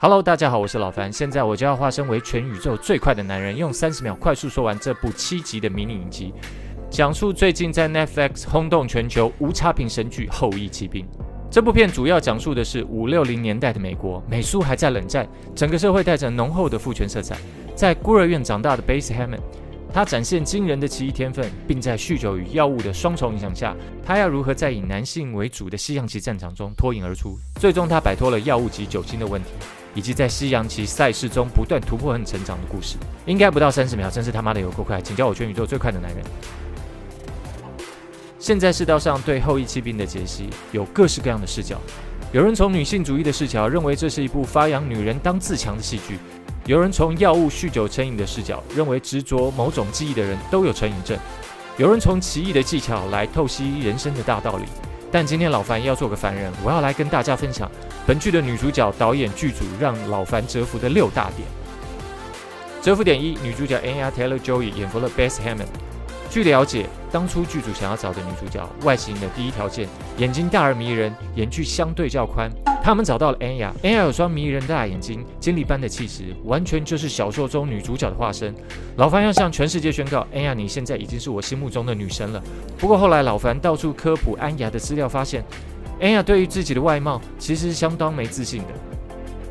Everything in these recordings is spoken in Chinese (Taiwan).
哈，嘍，大家好，我是老樊，現在我就要化身為全宇宙最快的男人，用三十秒快速說完這部七集的迷你影集，講述最近在 Netflix 轟動全球無差評神劇《後翼棄兵》。這部片主要講述的是五六零年代的美國，美蘇還在冷戰，整個社會帶着濃厚的父權色彩，在孤兒院長大的貝絲哈蒙。他展現驚人的棋藝天分，並在酗酒與藥物的雙重影響下，他要如何在以男性為主的西洋棋戰場中脫穎而出？最終，他擺脫了藥物及酒精的問題，以及在西洋棋賽事中不斷突破和成長的故事，應該不到三十秒，真是他媽的有夠快！請叫我全宇宙最快的男人。現在，世道上對後翼棄兵的解析有各式各樣的視角，有人從女性主義的視角，認為這是一部發揚女人當自強的戲劇。有人從藥物酗酒成癮的視角，認為執着某種技藝的人都有成癮症；有人從棋藝的技巧來透析人生的大道理。但今天老樊要做個凡人，我要來跟大家分享本劇的女主角、導演、劇組讓老樊折服的六大點。折服點一：女主角 Anya Taylor-Joy 演活了 Beth Harmon。據了解，當初劇組想要找的女主角，外形的第一條件，眼睛大而迷人，眼距相對較寬。他們找到了安雅，安雅有雙迷人大眼睛、精靈般的氣質，完全就是小說中女主角的化身。老樊要向全世界宣告，安雅，你現在已經是我心目中的女神了。不過後來，老樊到處科普安雅的資料，發現，安雅對於自己的外貌其實是相當沒自信的。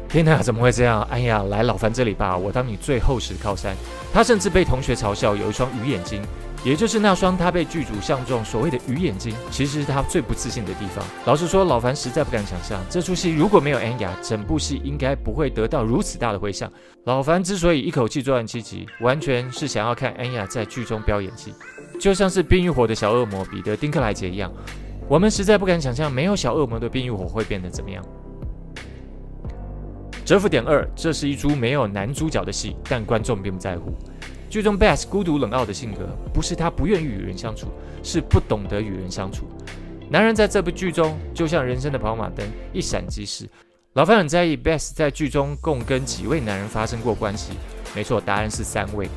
天哪，怎麼會這樣？安雅，來老樊這裡吧，我當你最厚實的靠山。她甚至被同學嘲笑有一雙魚眼睛。也就是那雙他被劇組相中所謂的“魚眼睛”，其實是他最不自信的地方。老實說，老樊實在不敢想象，這出戲如果沒有安雅，整部戲應該不會得到如此大的回響。老樊之所以一口氣做完七集，完全是想要看安雅在劇中飆演技，就像是《冰與火》的小惡魔彼得·丁克萊杰一樣。我們實在不敢想象，沒有小惡魔的《冰與火》會變得怎麼樣。折服點二，這是一出沒有男主角的戲，但觀眾並不在乎。劇中 Bass 孤獨冷傲的性格，不是他不願意與人相處，是不懂得與人相處。男人在這部劇中就像人生的跑馬燈，一閃即逝。老樊很在意 Bass 在劇中共跟幾位男人發生過關係。沒錯，答案是三位。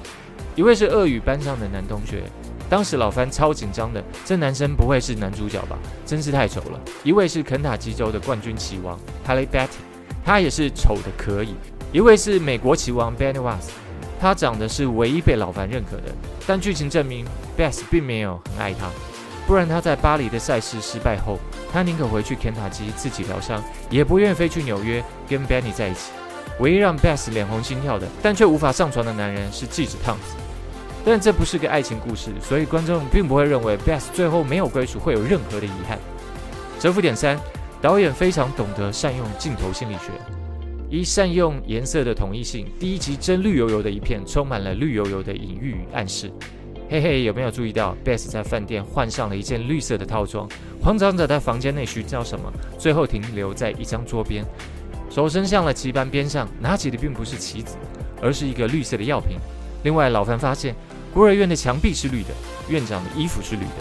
一位是俄語班上的男同學，當時老樊超緊張的，這男生不會是男主角吧？真是太醜了。一位是肯塔基州的冠軍棋王 Harry Beltik，他也是醜的可以。一位是美國棋王 Benny Watts。他長得是唯一被老樊認可的，但劇情證明 Beth 並沒有很愛他，不然他在巴黎的賽事失敗後，他寧可回去肯塔基自己療傷，也不願意飛去紐約跟 Benny 在一起。唯一讓 Beth 臉紅心跳的，但卻無法上床的男人是記者湯姆。但這不是個愛情故事，所以觀眾並不會認為 Beth 最後沒有歸屬會有任何的遺憾。折服點三，導演非常懂得善用鏡頭心理學。一善用顏色的統一性，第一集真綠油油的一片，充滿了綠油油的隱喻與暗示。嘿嘿，有沒有注意到 Beth 在飯店換上了一件綠色的套裝？慌張地在房間內尋找什麼，最後停留在一張桌邊，手伸向了棋盤邊上，拿起的並不是棋子，而是一個綠色的藥瓶。另外，老樊發現孤兒院的牆壁是綠的，院長的衣服是綠的，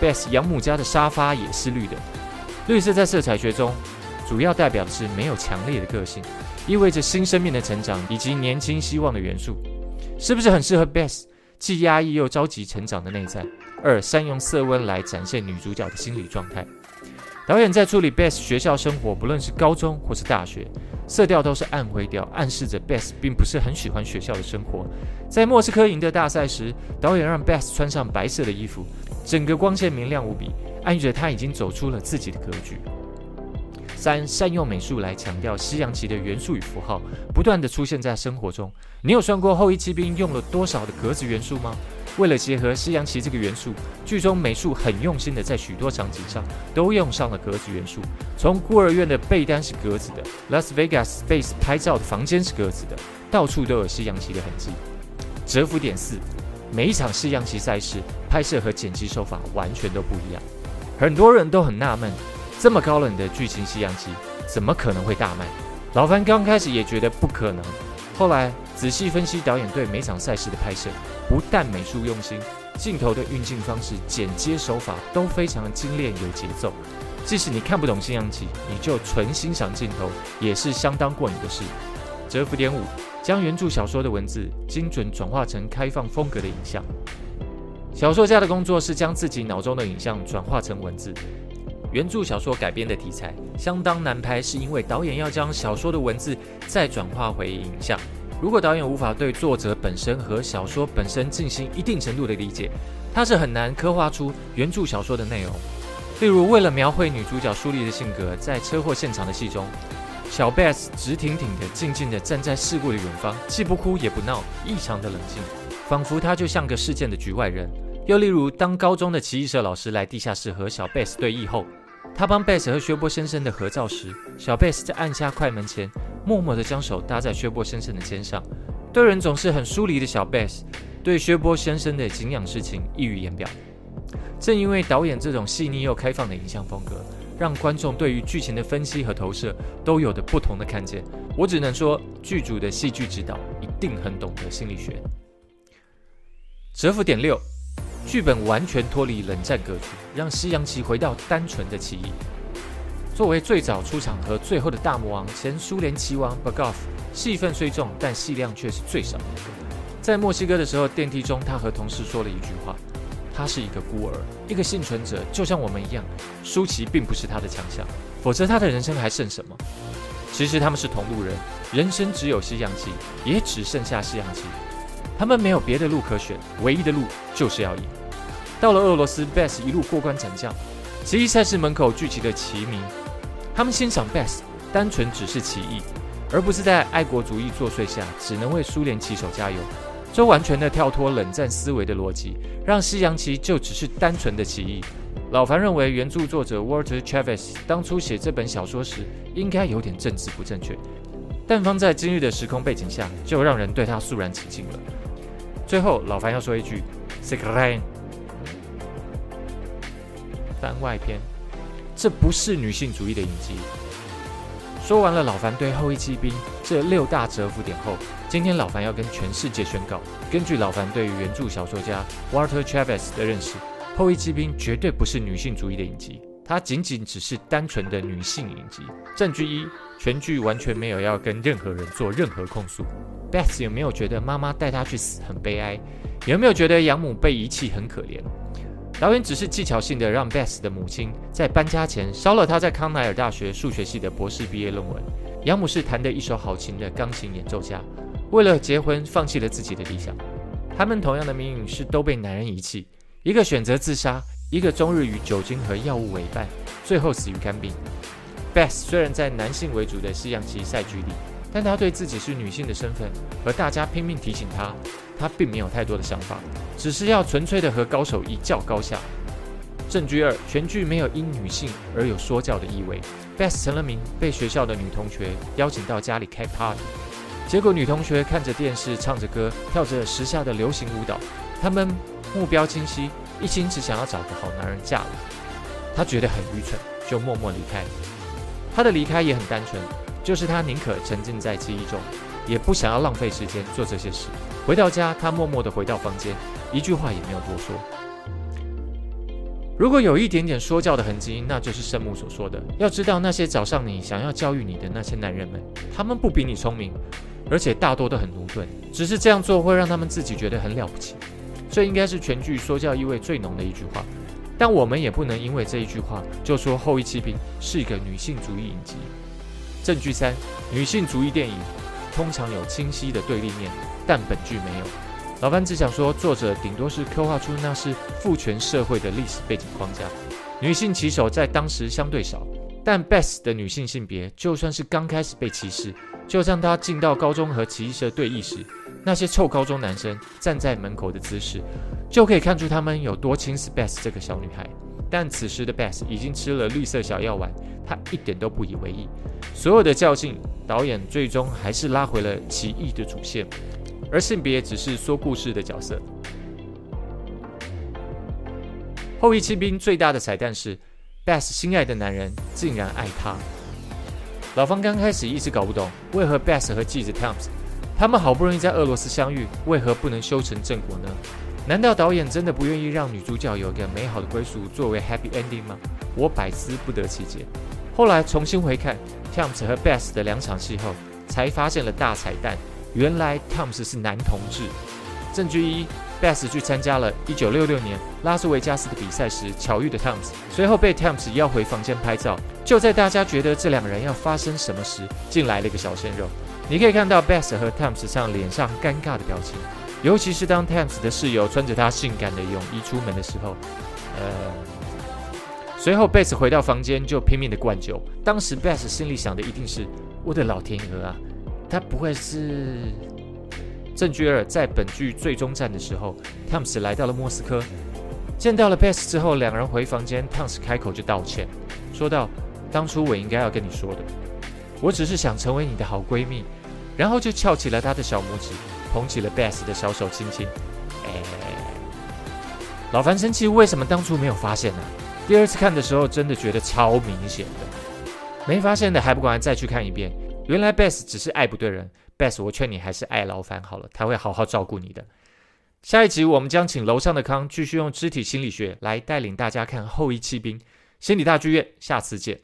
Beth 養母家的沙發也是綠的。綠色在色彩學中，主要代表的是沒有強烈的個性，意味着新生命的成長以及年輕希望的元素，是不是很適合 Beth 既壓抑又着急成長的內在？二善用色溫來展現女主角的心理狀態。導演在處理 Beth 學校生活，不論是高中或是大學，色調都是暗灰調，暗示着 Beth 並不是很喜歡學校的生活。在莫斯科贏得大賽時，導演讓 Beth 穿上白色的衣服，整個光線明亮無比，暗喻着他已經走出了自己的格局。三、善用美術來強調西洋棋的元素與符號，不斷的出現在生活中。你有算過後翼棄兵用了多少的格子元素嗎？為了結合西洋棋這個元素，劇中美術很用心的在許多場景上都用上了格子元素。從孤兒院的被單是格子的，Las Vegas Space 拍照的房間是格子的，到處都有西洋棋的痕跡。折服點四，每一場西洋棋賽事拍攝和剪輯手法完全都不一樣，很多人都很納悶。這麼高冷的劇情西洋棋，怎麼可能會大賣？老樊剛開始也覺得不可能，後來仔細分析導演對每場賽事的拍攝，不但美術用心，鏡頭的運鏡方式、剪接手法都非常的精煉有節奏。即使你看不懂西洋棋，你就純欣賞鏡頭也是相當過癮的事。折服點五，將原著小說的文字精準轉化成開放風格的影像。小說家的工作是將自己腦中的影像轉化成文字。原著小說改編的題材相當難拍，是因為導演要將小說的文字再轉化回影像。如果導演無法對作者本身和小說本身進行一定程度的理解，他是很難刻畫出原著小說的內容。例如，為了描繪女主角疏離的性格，在車禍現場的戲中，小貝絲直挺挺的靜靜的站在事故的遠方，既不哭也不鬧，異常的冷靜，仿佛他就像個事件的局外人。又例如，當高中的棋藝社老師來地下室和小貝絲對弈後，他幫貝斯和薛波先生的合照時，小貝斯在按下快門前，默默的將手搭在薛波先生的肩上。對人總是很疏離的小貝斯，對薛波先生的敬仰之情溢於言表。正因為導演這種細膩又開放的影像風格，讓觀眾對於劇情的分析和投射都有著不同的看見。我只能說，劇組的戲劇指導一定很懂得心理學。折服點六。劇本完全脫離冷戰格局，讓西洋棋回到單純的棋藝。作為最早出場和最後的大魔王，前蘇聯棋王 Borgov 戲份雖重，但戲量卻是最少的。在墨西哥的時候，電梯中他和同事說了一句話：“他是一個孤兒，一個幸存者，就像我們一樣。”輸棋並不是他的強項，否則他的人生還剩什麼？其實他們是同路人，人生只有西洋棋，也只剩下西洋棋。他們沒有別的路可選，唯一的路就是要贏。到了俄羅斯，Bess 一路過關斬將。棋藝賽事門口聚集的棋迷，他們欣賞 Bess，單純只是棋藝，而不是在愛國主義作祟下只能為蘇聯棋手加油。這完全的跳脫冷戰思維的邏輯，讓西洋棋就只是單純的棋藝。老樊認為，原著作者 Walter Travis 當初寫這本小說時，應該有點政治不正確，但放在今日的時空背景下，就讓人對他肅然起敬了。最後，老樊要說一句：番外篇，這不是女性主義的影集。說完了老樊對《後翼棄兵》這六大折服點後，今天老樊要跟全世界宣告：根據老樊對於原著小說家 Walter Travis 的認識，《後翼棄兵》絕對不是女性主義的影集。她僅僅只是單純的女性影集。證據一，全劇完全沒有要跟任何人做任何控訴。Beth 有沒有覺得媽媽帶她去死很悲哀？有沒有覺得養母被遺棄很可憐？導演只是技巧性的讓 Beth 的母親在搬家前燒了她在康奈爾大學數學系的博士畢業論文。養母是彈得一手好琴的鋼琴演奏家，為了結婚放棄了自己的理想。他們同樣的命運是都被男人遺棄，一個選擇自殺，一個終日與酒精和藥物為伴，最後死於肝病。Beth 雖然在男性為主的西洋棋賽局裡，但她對自己是女性的身份和大家拼命提醒她，她並沒有太多的想法，只是要純粹的和高手一較高下。證據二：全劇沒有因女性而有說教的意味。Beth 成了名，被學校的女同學邀請到家裡開 party，結果女同學看着電視唱着歌，跳着時下的流行舞蹈，他們目標清晰。一心只想要找個好男人嫁了，他覺得很愚蠢，就默默離開。他的離開也很單純，就是他寧可沉浸在記憶中，也不想要浪費時間做這些事。回到家，他默默地回到房間，一句話也沒有多說。如果有一點點說教的痕跡，那就是聖母所說的：要知道那些找上你、想要教育你的那些男人們，他們不比你聰明，而且大多都很愚鈍，只是這樣做會讓他們自己覺得很了不起。這應該是全劇說教意味最濃的一句話，但我們也不能因為這一句話就說《後翼棄兵》是一個女性主義影集。證據三：女性主義電影通常有清晰的對立面，但本劇沒有。老樊只想說，作者頂多是刻畫出那是父權社會的歷史背景框架。女性棋手在當時相對少，但 Beth 的女性性別，就算是剛開始被歧視，就像她進到高中和棋社對弈時。那些臭高中男生站在門口的姿勢，就可以看出他們有多輕視 Beth 這個小女孩。但此時的 Beth 已經吃了綠色小藥丸，他一點都不以為意。所有的較勁，導演最終還是拉回了棋藝的主線，而性別只是說故事的角色。後翼棄兵最大的彩蛋是 Beth 心愛的男人竟然愛她。老樊剛開始一直搞不懂，為何 Beth 和記者 Toms。他們好不容易在俄羅斯相遇，為何不能修成正果呢？難道導演真的不願意讓女主角有一個美好的歸宿作為 happy ending 嗎？我百思不得其解。後來重新回看 Townes 和 Beth 的兩場戲後，才發現了大彩蛋。原來 Townes 是男同志。證據一，Beth 去參加了一九六六年拉斯維加斯的比賽時，巧遇的 Townes，隨後被 Townes 要回房間拍照。就在大家覺得這兩人要發生什麼時，進來了一個小鮮肉。你可以看到 Beth 和 Townes 上臉上尷尬的表情，尤其是當 Townes 的室友穿着他性感的泳衣出門的時候，呃，隨後 Beth 回到房間就拼命的灌酒。當時 Beth 心裡想的一定是：我的老天鵝啊，他不會是……證據二，在本劇最終戰的時候，Townes 來到了莫斯科，見到了 Beth 之後，兩人回房間，Townes 開口就道歉，說道：“當初我應該要跟你說的。”我只是想成為你的好閨蜜，然後就翹起了她的小拇指，捧起了 Beth 的小手，輕輕，哎，老樊生氣，為什麼當初沒有發現呢？第二次看的時候，真的覺得超明顯的，沒發現的，還不趕快再去看一遍。原來 Beth 只是愛不對人。Beth，我勸你還是愛老樊好了，他會好好照顧你的。下一集我們將請樓上的康繼續用肢體心理學來帶領大家看後翼棄兵心理大劇院，下次見。